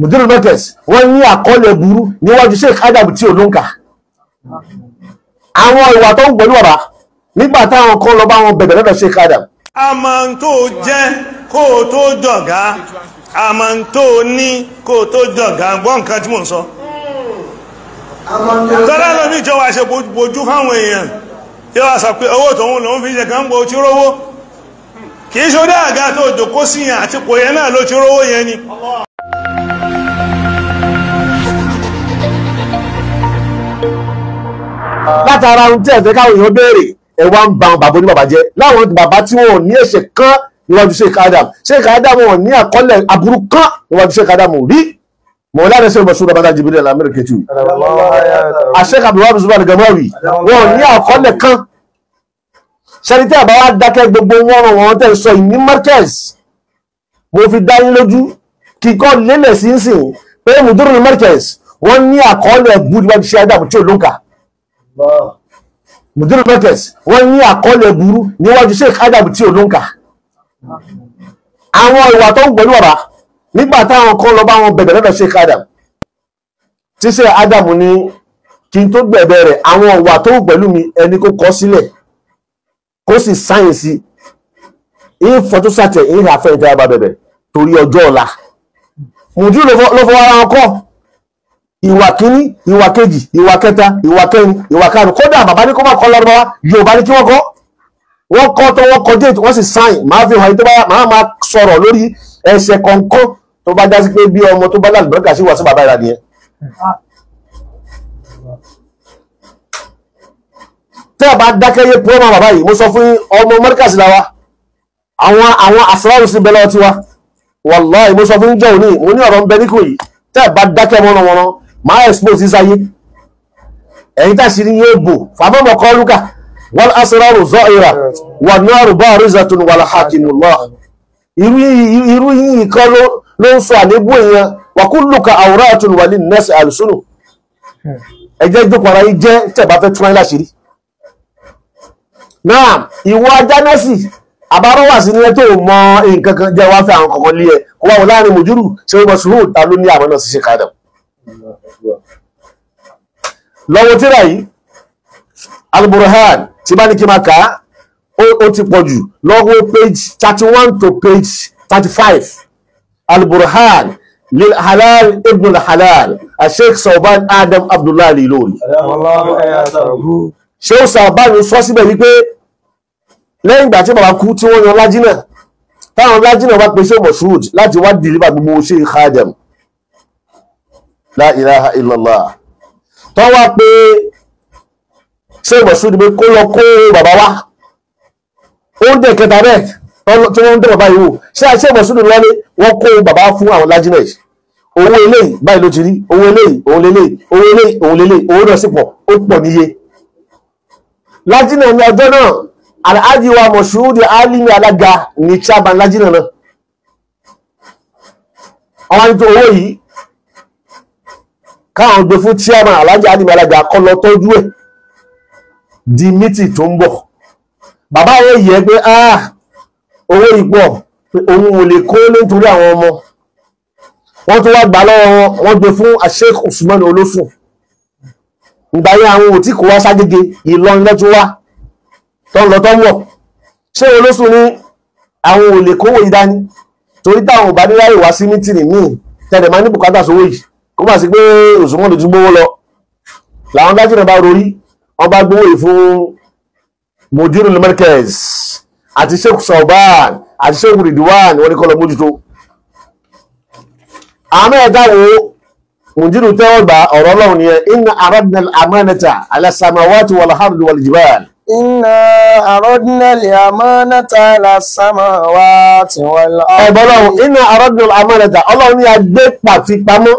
Mudiru markaz wọ́n ní àkọọ́lẹ̀ burú níwájú sheikh adam tí ò ló ń kà àwọn ìwà tó ń pẹ̀lú ọ̀rá nígbà táwọn kan lọ bá wọn bẹ̀bẹ̀ lọ́dọ̀ sheikh adam. a máa ń tó jẹ́ kó o tó dọ̀gá a máa ń tó ní kó o tó dọ̀gá gbọ́ nǹkan tí mò ń sọ. tọ́lá lómi ìjọba ṣe bojú fáwọn èèyàn yóò wá sọ pé owó tòun lòún fi ṣe kàn ń bo tí rówó kì í ṣe ó dá àga tó jòkó sí yẹn yẹn náà ló ti rówó yẹn ni. látara ohun tí ẹ̀fẹ́ káwọn èèyàn béèrè ẹ̀ wá ń ba àwọn bàbá oníbàbà jẹ́ láwọn bàbá tí wọn ò ní ẹ̀ṣẹ̀ kan níwájú Sheikh Adam Sheikh Adam wọn ò ní àkọọ́lẹ̀ aburú kan níwájú Sheikh Adam rí mọ̀lá rẹ̀ sẹ́yìn bọ̀ṣúra bàtà jìbìrì ẹ̀ lámẹ́rẹ̀ kẹtù àṣẹ́kà Abdulwahab Zubairu Gamawi wọn ò ní àkọọ́lẹ̀ kan ṣẹ́ni tí àbáwá dákẹ́ gbogbo wọn ràn tẹ̀ sọ ìní Markaz mo fi dá yín lójú kíkọ́ lélẹ̀ sínsìn pé mùdúrú Markaz wọ́n ní àkọọ́lẹ̀ bú níwájú sí ádámù tí ò ló ń kà mùdúrù mẹ́tẹ̀s wọ́n ní àkọọ́lẹ̀ burú níwájú sí ádámù tí ò ló ń kà àwọn ìwà tó ń gbẹ̀lú ọ̀rá nígbà táwọn kan lọ bá wọn bẹ̀bẹ̀ lọ́dọ̀ sí ádámù tí sí ádámù ní kí n tó gbẹ̀bẹ̀ rẹ̀ àwọn ìwà tó ń gbẹ̀lú mi ẹni kó kọ sílẹ̀ kó sì sáyẹ̀nsì ìfọ̀túnṣàtẹ̀ ìhàfẹ́ ìtẹ́ àbábẹ̀bẹ̀ torí ọjọ́ ọ̀la mùdúrù ló fọwọ́ ara wọn kọ́ ìwà kínní ìwà kejì ìwà kẹta ìwà kẹrin ìwà karùn kódà bàbá ní kó má kọ́ lárúbáwá yorùbá ní kí wọ́n kọ́ wọ́n kọ́ tó wọ́n kọ́ déètì wọ́n sì sáìn máa fi hàn ìtọ́ba máa máa sọ̀rọ̀ lórí ẹsẹ̀ kọ̀ọ̀kan tó bá jásí pé bí ọmọ tó bá lálùbọ́kà sí wà sí bàbá ìrànìyẹn. tẹ́ ẹ bá dákẹ́ yé púrọ́mà bàbá yìí mo sọ fún ọmọ mọ́ríkàsí la wa àwọn àwọn àsọ̀rọ̀ sí bẹ́lẹ́ ọtí wa wàláì mo sọ bá dákẹ́ mọ́nà mọ́nà máa expose sáyé ẹ̀yin táṣìírí yóò bò fàbọ̀mọ̀ kọ́ lúkà wal asraru za'ira wan naru barizatun wal hakinullah irú yìí kan ló ń sọ àlébù èèyàn wa kulluka awratun wa linnasi alsunu ẹ̀jẹ̀ ìjókòó ara yìí jẹ́ tẹ̀bá fẹ́ tún ẹ náà ìwọ ajánẹ́sì àbárọ́wà sí ní tó mọ nǹkan kan jẹ́ wáfẹ́ àwọn kọ̀ọ̀kan lé ẹ kó wá wọn láàrin mòjúrù ṣé wọ́n sùúrù ta ló ní àwọn náà ṣiṣẹ́ kádàmù lọ́wọ́ tíra yìí Al-Burhan tí bá ní kí máa kà á ó ti pọ̀ jù lọ́wọ́ page thirty one to page thirty five Al-Burhan lil halal ibn al halal asheikh sauban adam abdullahi lilori. ṣé ó sàbánu sọ síbẹ̀ wípé lẹ́yìn ìgbà tí bàbá kú tí wọ́n yan lájínà táwọn lájínà wá pe ṣé láti wá dìrí bá gbogbo ṣe khadam la ilaha illallah tó wá pé ṣé ìwọ̀sùn ni pé kó lọ kó bàbá wá oúnjẹ kẹta bẹ́ẹ̀ tí wọ́n ń dẹ̀ bàbá yìí wò ṣé àṣẹ ìwọ̀sùn ni wọ́n ní wọ́n kó bàbá fún àwọn lájínẹ̀sì owó eléyìí báyìí ló ti rí owó eléyìí òun leléyìí owó eléyìí òun leléyìí owó náà sì pọ̀ ó pọ̀ níye lájínà ní ọjọ́ náà alhaji wa mọ̀ṣúrúdì alimi alága ní chairman lájínà náà àwọn káwọn gbé fún chairman alájà àdìmọ̀ alájà kọ́ lọ tọ́jú ẹ̀ di mítì tó ń bọ̀ bàbá wọn yẹ pé ah, owó ìpọ̀ òun ò lè kó nítorí àwọn ọmọ wọn tó wá gbà lọ́wọ́ wọn wọ́n gbé fún Sheikh Usman Olófùn ìgbà yẹn àwọn òtí kò wá ságége Ìlọrin lọ́tún wá tó ń lọ tó ń wọ̀ ṣé Olófùn ní àwọn ò lè kówó ìdání torí táwọn ò bá níláyè wá sí mítìrì míì tẹ̀lé máa ní bùkátà sówó yìí kó bá sí pé òṣùwọ̀n tó ti gbówó lọ làwọn gájìnà bá rorí wọn bá gbówó yìí fún mojúrù àti sheikh sauban àti sheikh ridwan wọn ni kọ́ mójútó àmọ́ ẹ̀dá wo mojúrù tẹ́wọ́ gba ọ̀rọ̀ ọlọ́run ni ẹ inna aradna al-amanata ala samawati wal ardi wal jibal. inna aradna al-amanata ala samawati wal ardi. ẹ̀bọ́n ọlọ́run ni a gbé pàtí pamọ́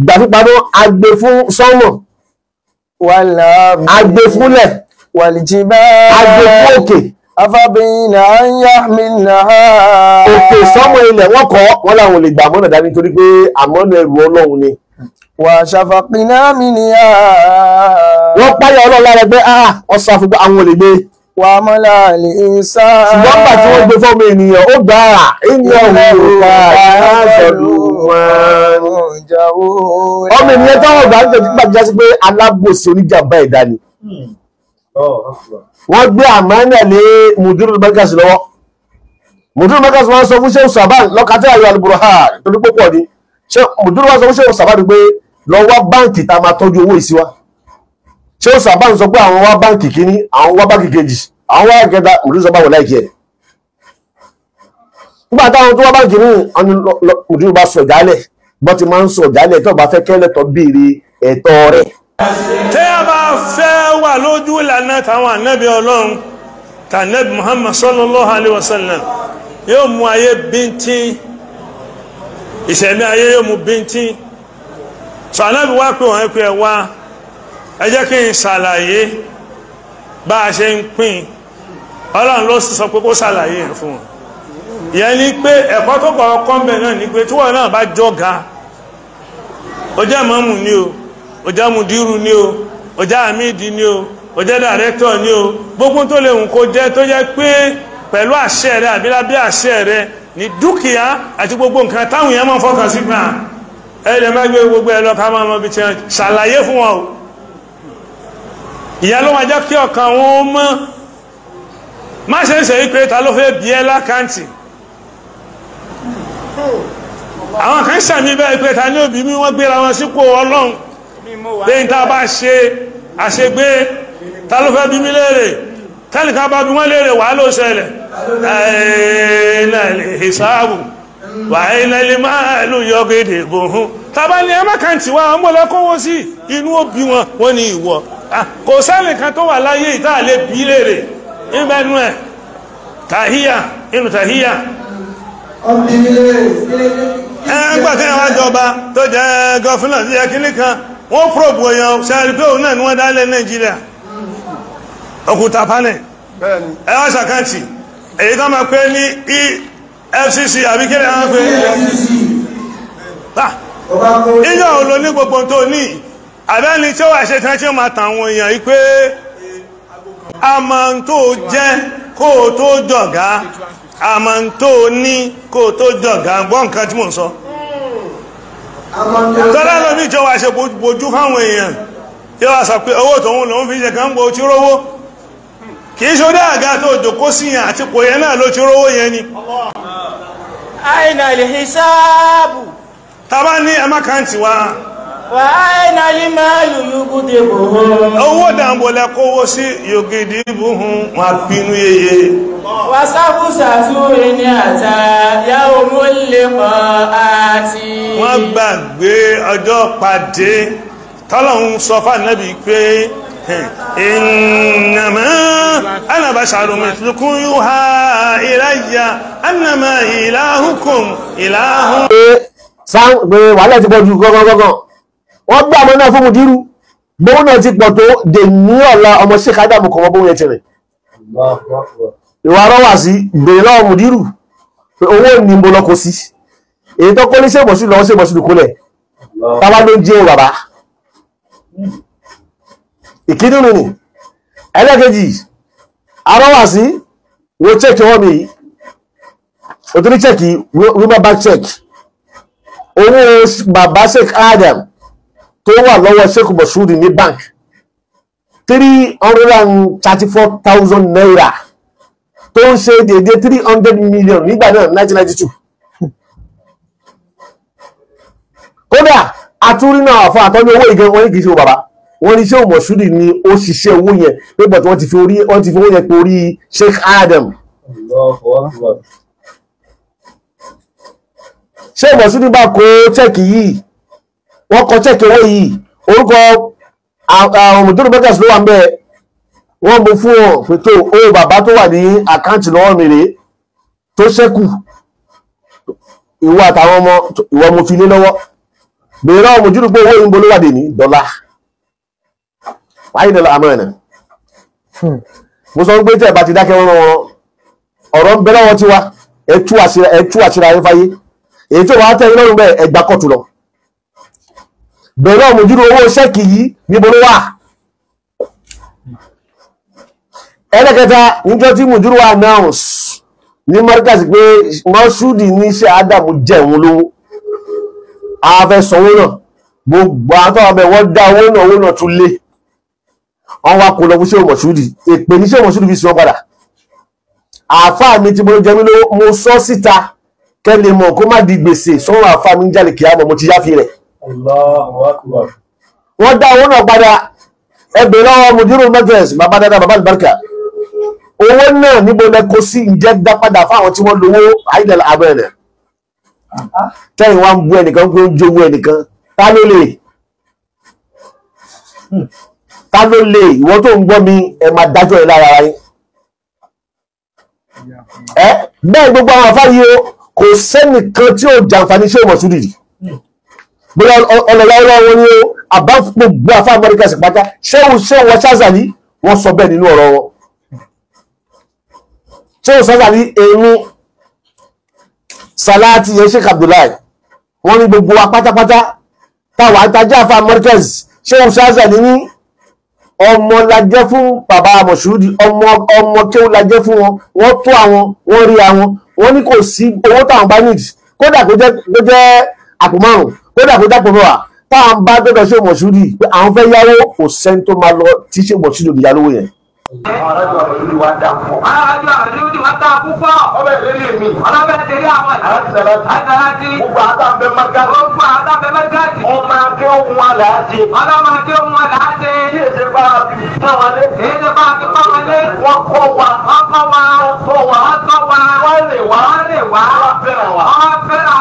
gbàfipamọ́ agbe fún sánmọ̀ agbe fúnlẹ̀ agbe fún òkè afábìnrin àyà mi náà. òkè sánmọ̀ ilẹ̀ wọ́n kọ́ wọ́n láwọn lè gbà mọ́nà dání torí pé àmọ́nà ẹrù ọlọ́run ni. wà á ṣàfàpínà mi ni. wọ́n páyà ọlọ́run lára ẹgbẹ́ ah, ọ̀sán àfúgbọ́ àwọn olè gbé wà á mọ́lá lè sá. ṣùgbọ́n gbà tí wọ́n gbé fọ́ọ̀mù ènìyàn ó gbà á iná òwúrò àádọ́lù wọn. ọmọ ènìyàn táwọn ọgbà ń tẹ̀jú gbàgbé sí pé alábòsí oníjàmbá ẹ̀dá ni. wọ́n gbé àmánà lé mùdúrú mẹ́gàsì lọ́wọ́ mùdúrú mẹ́gàsì wọn sọ fún ṣé sàbán lọ́kàtà ayọ̀ alùpùpù ha torí púpọ̀ ni mùdúrú wọn sọ fún ṣé sàbán pé lọ báǹkì tá a máa tọ́jú owó ìsíwá. ṣé ó sábà ń sọ pé àwọn wá báǹkì kínní àwọn wá báǹkì kejì àwọn wá kẹta ọrụ báwo nígbà táwọn tó wá báǹkì ní mùdúrú bá sọ jálẹ̀ bọ́n ti máa ń sọ jálẹ̀ tó bá fẹ́ kẹ́lẹ́tọ̀ béèrè ẹ̀tọ́ rẹ̀. tẹ́ a bá fẹ́ wà lójú ìlànà táwọn ànábì ọlọ́run Muhammad ẹ jẹ́ kí n ṣàlàyé bá a ṣe ń pín ọlọ́run ló sọ pé kó ṣàlàyé ẹ̀ fún wọn ni pé ẹ̀kọ́ tó pọ̀ ọkọ́ mbẹ̀ náà ni pé tíwọ̀ náà bá jọ́ga ó jẹ́ mọ́mù ni o ó jẹ́ mùdírù ni o ó jẹ́ àmìdí ni o ó jẹ́ ni o gbogbo tó lè hùn kó jẹ́ tó jẹ́ pé pẹ̀lú àṣẹ rẹ àbí àṣẹ rẹ ní dúkìá àti gbogbo nǹkan táwọn èèyàn máa fọkàn sí gbà ẹ lè má gbé gbogbo ẹ lọ máa mọ ibi ṣàlàyé fún wọn o ìyẹn ló máa jẹ́ kí ọkàn wọn mọ́ má ṣe ń ṣe wípé ta ló fẹ́ bí ẹ lákàntì àwọn kan sàmì bẹ́ẹ̀ pé ta ní òbí mi wọ́n gbéra wọn sípò ọlọ́run lẹ́yìn tá a bá ṣe àṣegbé ta ló fẹ́ bí mi léèrè tẹ́nìkan bá bí wọ́n léèrè wàá ló ṣẹlẹ̀ ẹ̀ẹ́nà ìsáàbù wàá iná ilé máa bòhún tàbá ni ẹ má kàǹtì wá ọmọ sí inú òbí wọn wọ́n ní ìwọ Ah, kò sẹ́nìkan tó wà láyé ìta lè bí léèrè ìmẹ́nu ẹ̀ tàhíyà inú tàhíyà ẹgbàkẹ́yàn wá jọba tó jẹ́ gọfúnà sí ẹkíní kan wọ́n pòròbù èèyàn sẹ́rí pé òun náà ni wọ́n dálẹ̀ Nàìjíríà òkúta panel ẹwà sàkántì èyí tó máa pé ní EFCC àbíkẹ́rẹ́ àwọn pé e ah, ìjọ òun ló ní gbogbo tó ní àbẹ́ni tí ó wà ṣe tán èèyàn a jẹ́ kó o tó a máa ń ní kó tó dọ̀gá gbọ́ tí mò ń sọ tọ́lá tí ó wà ṣe bojú fáwọn èèyàn tí ó wà sọ pé owó tòun lòun fi ṣe kàn ń tí rówó kì í ṣodá àga tó jòkó sí yẹn àti kò yẹn náà ló ni. lè a ẹ wá. owó dàmbọ̀lẹ̀ kówó sí yògidì ìbúhun wọn pinnu yeye wàsáfúsà tí ó rí ní àtà yá omú lè mọ́ àti wọ́n gbàgbé ọjọ́ pàdé tọ́lọ̀hún sọ fánàbí pé إنما أنا بشر مثلكم يوحى إلي أنما إلهكم إله. ṣáà pé wàhálà ti pọ̀ ju gángan wọ́n gbé àwọn náà fún mùdírù bóun náà ti pọ̀ tó dè ní ọ̀la ọmọ sí kádàmù kọ̀wọ́ bóun yẹn ti rìn ìwà rọ́wà sí bèrè lọ́wọ́ mùdírù pé owó ní mo lọ́kọ sí èyí tó kó ní sèbọ̀ sí lọ́wọ́ sèbọ̀ sí ló ń jẹ́ bàbá ìkíní nù ní ẹlẹ́kejì arọ́wà sí wo chẹ́kì wọ́n mi yìí òtún ní chẹ́kì wíwá bá chẹ́kì owó bàbá Sheikh Adam tó wà lọ́wọ́ Sheikh Moshood ní bank three hundred and thirty four thousand naira tó ń ṣe déédéé three hundred million nígbà náà nineteen ninety two kódà àtúrí náà àfọ àtọ́jú owó ìgbẹ́ wọn kì í ṣe o bàbá wọ́n ní Sheikh Moshood ni ó ṣiṣẹ́ owó yẹn pé bọ̀tí wọ́n ti fi orí wọ́n ti fi owó yẹn pe orí Sheikh Adam. Sheikh Moshood bá kó chẹ́ẹ̀kì yìí wọ́n kọ chẹ́ẹ̀kì owó yìí orúkọ ọmọdúró bẹ́tẹ̀sì ló wà ń bẹ́ wọ́n mú fún ọ pẹ̀tọ́ owó bàbá tó wà ní àkáǹtì lọ́wọ́ mi rèé tó ṣẹ́kù ìwọ àtàwọn ọmọ ìwọ mo fi lé lọ́wọ́ bèèrè àwọn ọmọdúró pé owó ìbò ló wà dé ní dọ́là wáyé dọ́là àmọ́ ẹ̀nà hmm. mo sọ pé tẹ́ ẹ̀ bá ti dákẹ́ wọ́n wọn ọ̀rọ̀ ń bẹ lọ́wọ́ tiwa ẹ̀ tú àṣírí ayé fáyé èyí tó wàá tẹ́ ẹ lọ́rùn bẹ́ẹ̀ ẹ̀ lọ bẹ̀rẹ̀ ọ̀mùjúrò owó ṣẹ́kì yìí níbo wà ẹlẹ́kẹta níjọ́ tí mùjúrò wa announce ní mọ́ríkàsì pé mọ́ṣúdì ní ṣe ádámù jẹ̀wọ́n lówó afẹ́ sanwó náà gbogbo àtọ́ ọmọ ẹ̀wọ́n dá owó náà owó náà tún lé wọ́n wá kó lọ fún ṣéwọ̀n mọ̀ṣúdì èpè ní ṣéwọ̀n mọ̀ṣúdì fi sí wọn padà àáfàá mi ti mo jẹ mí lówó mo sọ síta kẹ́lẹ̀ mọ̀ kó má di gbèsè sọ́wọ́n àáfàá mi ń jálè kìá mọ̀ mo ti yáfi rẹ̀ wọ́n dá owó náà padà ẹgbẹ́ lọ́wọ́ mudiru mẹ́tẹ̀ẹ̀s bàbá dáadáa bàbá àlùbáríkà owó náà níbo lẹ kó sí ǹjẹ́ dá padà fáwọn tí wọ́n lówó àìdẹ̀lẹ̀ abẹ́rẹ̀ tẹ́yìn wá ń bu ẹnìkan pé ó ń jowó ẹnìkan ta ló lè ta ló lè ìwọ tó ń gbọ́ mi ẹ máa dájọ́ ẹ lára yín ẹ bẹ́ẹ̀ gbogbo àwọn afáyé o kò sẹ́nìkan tí ò jàǹfààní ṣé ìmọ̀sùn rírì bóyá ọlọ́láwọ́lá wọn ni ó àbá gbogbo afá amẹ́ríkà sì pátá ṣéun ṣéun wọn ṣáàzàlì wọ́n sọ bẹ́ẹ̀ nínú ọ̀rọ̀ wọn ṣéun ṣáàzàlì èmi salati yẹn sheikh abdullahi wọ́n ní gbogbo wa pátápátá táwa àtajà afá amẹ́ríkà ṣéun ṣáàzàlì ní ọmọ lajẹ́ fún bàbá mọ̀ṣúdì ọmọ ọmọ kéwù lajẹ́ fún wọn wọ́n tó àwọn wọ́n rí àwọn wọ́n ní kò sí owó táwọn bá nìdí kódà kó jẹ́ àpò márùn kódà kó dápò mẹ́wàá táwọn bá dọ́dọ̀ ṣé mọ̀ṣúrì pé àwọn fẹ́ yáwó kò sẹ́ni tó máa lọ tí ṣé mọ̀ṣúrì ò yálówó yẹn. àwọn arájọ àbẹ̀lódì wa dà pọ̀. àwọn arájọ àbẹ̀lódì wa dà púpọ̀. ọbẹ̀ ìlérí mi. ọlọ́bẹ̀ tẹ̀lé àwọn àtàlà àtàlàjì. gbogbo àtàbẹ̀ mẹ́gàdì. gbogbo àtàbẹ̀ mẹ́gàdì. ọmọ akẹ́ ohun àlàájì. ọlọ́mọ akẹ́ ohun àlàájì. kí èdè bá a fi pọ́nwálé. èdè bá a fi pọ́nwálé. wọ́n kọ́ wa. wọ́n kọ́ wa. wọ́n kọ́ wa. wọ́n lè wá. wọ́n lè wá. wọ́n fẹ́ràn wa. wọ́n fẹ́ràn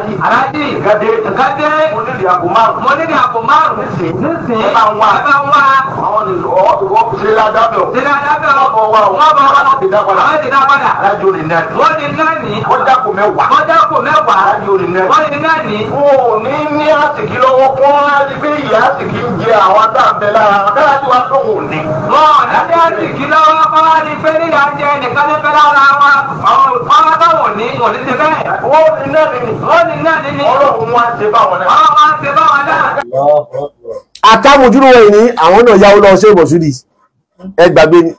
aladi. aladi. gade. gade. mo ní di àpò márùn. mo ní di àpò márùn. nísìn. nísìn. ẹ bá ń wá. ẹ bá ń wá. àwọn ni ọwọ́ tó wọ́n ṣe ládàbẹ̀ o. ṣe ládàbẹ̀ o. wọ́n bọ̀ o. wọ́n bọ̀ wá. wọ́n ti dá padà. wọ́n ti dá padà. alájò ni náà ni. wọ́n ti náà ni. wọ́n dàpò mẹ́wàá. wọ́n dàpò mẹ́wàá. alájò ni náà ni. wọ́n ti ni. o ní ní àsìkí lọ́wọ́ fún láti pé ìyá àsìkí ń jẹ àwọn àtàbẹ̀ lára. káyọ̀ tí wàá tó wò ní. wọ́n wọn ní bẹ́ẹ̀. wọ́n ní náà nínú. wọ́n ní náà nínú. ọlọ́run wá ṣe báwọn náà. wọ́n wá ṣe báwọn náà. àtàwùjúrò wọ̀nyí ni àwọn náà yáwó lọ sí ìbọ̀sùdì ẹ gbàgbé ni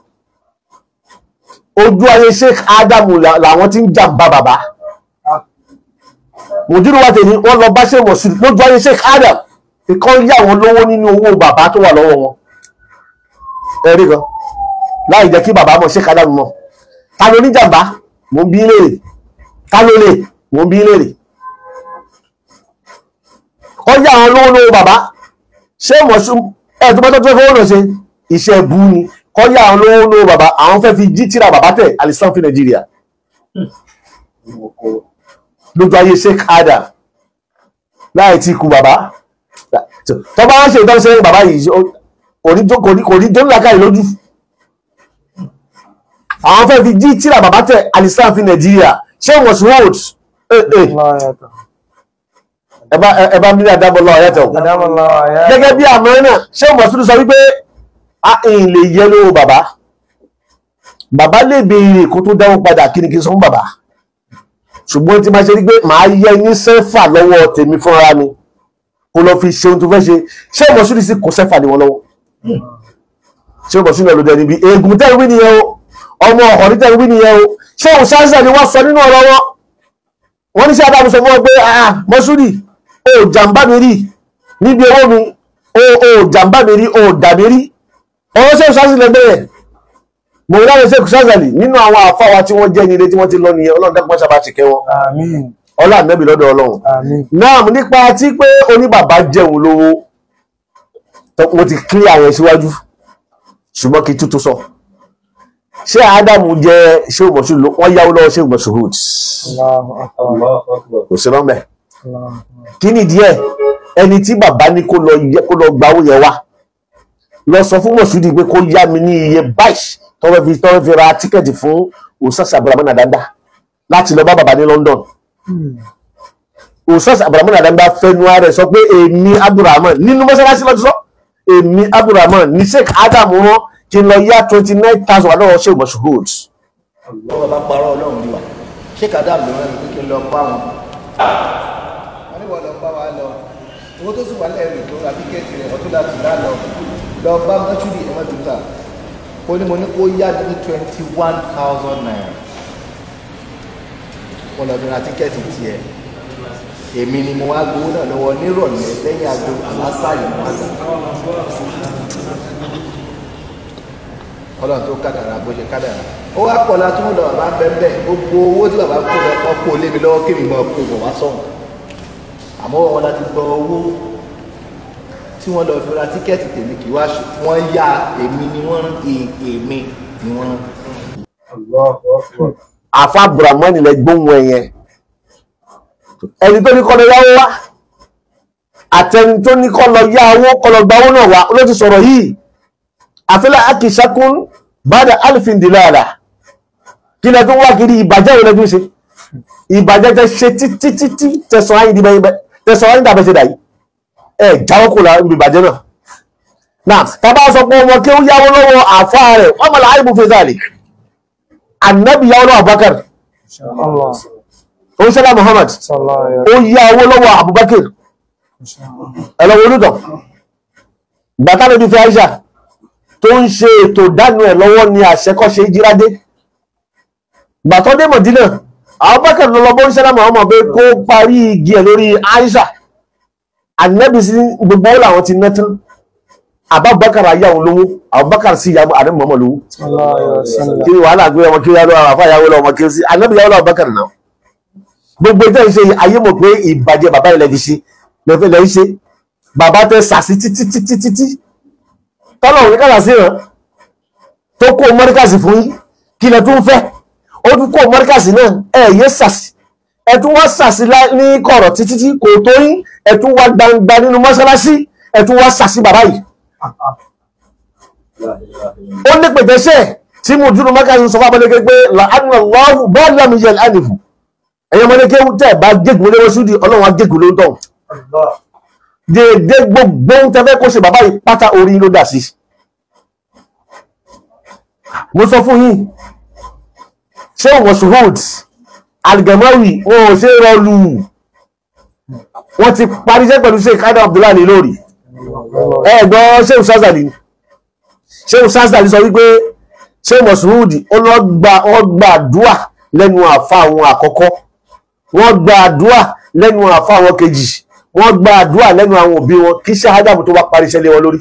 ojú ayé Sheikh Adamu làwọn ti ń jàǹbá bàbá mùdúrú wa tèmi wọ́n lọ bá Sheikh Moshood lójú ayé Sheikh Adam ìkan yá wọn lówó nínú owó bàbá tó wà lọ́wọ́ wọn ẹ̀rí kan láì jẹ́ kí bàbá mọ̀ Sheikh Adam mọ̀ ta ló ní jàǹbá mò ń bí léèrè ká ló lè mò ń bí léèrè ọjà àwọn olówó lówó bàbá ṣé mọ̀ṣú ẹ̀ tó bá tó tó fowó náà ṣe iṣẹ́ bú ni kọ́yà àwọn olówó lówó bàbá àwọn fẹ́ fi jí tíra bàbá tẹ̀ alisan fi nàìjíríà lójú ayé ṣe kádà láì ti kú bàbá tó bá ń ṣe ìtọ́sẹ́ bàbá yìí kò ní jóná lákàyè lójú àwọn fẹ́ fi jí tíra bàbá tẹ̀ alisan fi nàìjíríà ṣé was words eh, eh. ẹ bá mi rí àdábọ̀lọ́ àyàtọ̀ gẹ́gẹ́ bí àmọ́ náà ṣé mọ̀sùlù sọ wípé a ń lè yẹ lówó bàbá bàbá lè béèrè kó tó dáwó padà kí ni kí n sọ fún bàbá ṣùgbọ́n tí máa ṣe rí pé màá yẹ ní sẹ́fà lọ́wọ́ tèmi fúnra mi kó lọ fi ṣe ohun tó fẹ́ ṣe ṣé mọ̀sùlù sí kò sẹ́fà ní wọn lọ́wọ́ hmm. ṣé mọ̀sùlù náà ló ọmọ ọ̀rí tẹ́lú wí nìyẹn o ṣé òun ṣáṣẹ́ ni wọ́n sọ nínú ọ̀rọ̀ wọn wọ́n ní sí adáàbò sọ fún ọ pé ah, ah mọ́súrì o jàǹbá mi rí níbi owó mi o o jàǹbá mi rí o dà mi rí ọ̀rọ̀ ṣé òun ṣáṣẹ́ lẹ́gbẹ́ yẹn mo rí láwọn ṣé òun ṣáṣẹ́ lì nínú àwọn àfáwà tí wọ́n jẹ́ nílé tí wọ́n ti lọ nìyẹn ọlọ́run dẹ́kun ṣàbá ti kẹ́ wọn ọlá ànábì lọ́dọ̀ ọlọ́run náà nípa tí pé oníbàbá jẹun lówó mo ti clear àwọn síwájú ṣùgbọ́n kí tútù sọ. So ṣé ádámù jẹ ṣé òmọṣù ló wọn yáwó lọ́wọ́ ṣé òmọṣù hood kò sí lọ́mẹ̀ kí ni díẹ̀ ẹni tí bàbá ní kó lọ kó lọ gba owó yẹn wá lọ sọ fún mọ̀ṣúdì pé kó yá mi ní iye báyìí tọ́wọ́ fi tọ́wọ́ fi ra tíkẹ́ẹ̀tì fún òṣàṣà abdulrahman adanda láti lọ bá bàbá ní London òṣàṣà abdulrahman adanda fẹnu ara ẹ̀ sọ pé èmi abdulrahman nínú mọ́ṣáláṣí lọ́dún sọ èmi abdulrahman ní Sheikh Adam wọn ti lọ yá twenty nine thousand wà lọ́wọ́ ṣéwù mọ́ṣú gold. ọ̀rọ̀ bá parọ́ ọlọ́run bí wa ṣé kàdá mi rán mi kí n lọ bá wọn. wọ́n ní wọ́n lọ bá wa lọ owó tó sì wà lẹ́rù tó àbí kéèkì rẹ̀ ọdún láti dá lọ lọ bá mọ́túrì ẹ̀wọ̀n tó ta ó ní mo ní kó yá ní twenty one thousand naira wọ́n lọ dúnra tíkẹ́ẹ̀tì tiẹ̀ èmi ni mo wá gbowó náà lọ́wọ́ nírọ̀lẹ́ lẹ́yìn aago ọlọ́run tó kádàrà bó ṣe kádàrà ó wá pọ̀ láti mú lọ bàbá bẹ́ẹ̀ bẹ́ẹ̀ gbogbo owó tí bàbá kó lọ ọkọ̀ olé mi lọ́wọ́ kí mi mọ ọkọ̀ ìbọ̀ wá sọ̀hún àmọ́ wọn láti gbọ́ owó tí wọ́n lọ fi ra tíkẹ́ẹ̀tì tèmi kì í wá ṣe wọ́n yá èmi ni wọ́n rán èmi ni wọ́n rán. àfa abdulrahman ilẹ̀ gbóhùn ẹ̀yẹ ẹni tó ní kọ́ lọ yáwó wá àtẹni tó ní kọ́ lọ yá owó kọ́ lọ gbà owó náà wá ló ti sọ̀rọ̀ yìí àfẹ́lá akìsakún bada alfin dilala kí lẹ tó wá kiri ìbàjẹ́ òun lẹ́gbẹ́ ṣe ìbàjẹ́ tẹ ṣe títí títí tẹsán ayé dìbẹ́ ibẹ́ tẹsán ayé dàbẹ́ ṣe dàyí ẹ jáwọ́ kò la ibi ìbàjẹ́ náà na tábà sọ pé ọmọ kí ó yáwó lọ́wọ́ àfa rẹ̀ wọ́n mọ̀ láàyè bó fẹ́ dàlẹ́ ànábì yáwó lọ́wọ́ Abubakar oníṣẹ́lá Muhammad ó yá owó lọ́wọ́ Abubakar ẹ̀lọ́wọ́ olùdọ̀ gbàtà lójú fẹ́ Aisha tó ń ṣe ètò ìdánù ẹ̀ lọ́wọ́ ni àṣekọ́ṣe jíradé gbàtọ́dé mọ̀dínà Abubakar ló lọ bó ń ṣẹlẹ̀ mọ́ ọmọ pé kó parí igi ẹ̀ lórí Aisha ànábì sí gbogbo ó làwọn ti ná tán àbá Abubakar ayé àwọn lówó Abubakar sí ìyàwó àdé mọ́mọ́ lówó kí ni wàhálà gbé ọmọ kiri yàrá àfa ìyàwó lọ ọmọ kiri sí ànábì yàwó lọ Abubakar náà gbogbo ìtẹ́ ìṣe ayé mọ̀ pé ìbàjẹ́ bàbá ilẹ̀ fi ṣe lẹ́fẹ̀ẹ́ lẹ́yìn ṣe bàbá tẹ sàṣí títí títí títí tọ́lọ̀ òní kàlà sí ràn tó kó mọ́ríkàsì fún yín kí lẹ tún fẹ́ ó tún kó mọ́ríkàsì náà ẹ yé sàsì ẹ tún wá sàsì ní kọ̀rọ̀ títí tí kò tó yín ẹ tún wá gbangba nínú mọ́ṣáláṣí ẹ tún wá sàsì bàbá yìí ó ní pètẹ́sẹ̀ tí mo dúró mọ́ríkàsì sọ fún abọ́lẹ́gẹ́ pé làánà lọ́hùn bẹ́ẹ̀ lọ́mù yẹn lánìí fún ẹ̀yọ́ mọ́lẹ́gẹ́ tẹ̀ bá gégùn lé dèédé gbogbo ń tẹ́fẹ́ kó ṣe bàbá yìí pátá orí ló dà sí mo sọ fún yín ṣé wọ̀sùn holds algamawi wọn ò ṣe rọlù wọ́n ti parí iṣẹ́ pẹ̀lú sheikh adam abdullahi ní lórí ẹ̀gbọ́n sheikh sazali sheikh sazali sọ wípé sheikh moshood wọ́n gba àdúà lẹ́nu àfa àwọn àkọ́kọ́ wọ́n gba àdúà lẹ́nu àfa àwọn kejì wọ́n gba àdúrà lẹ́nu àwọn òbí wọn kí ṣáájà tó bá parí iṣẹ́ wọn lórí.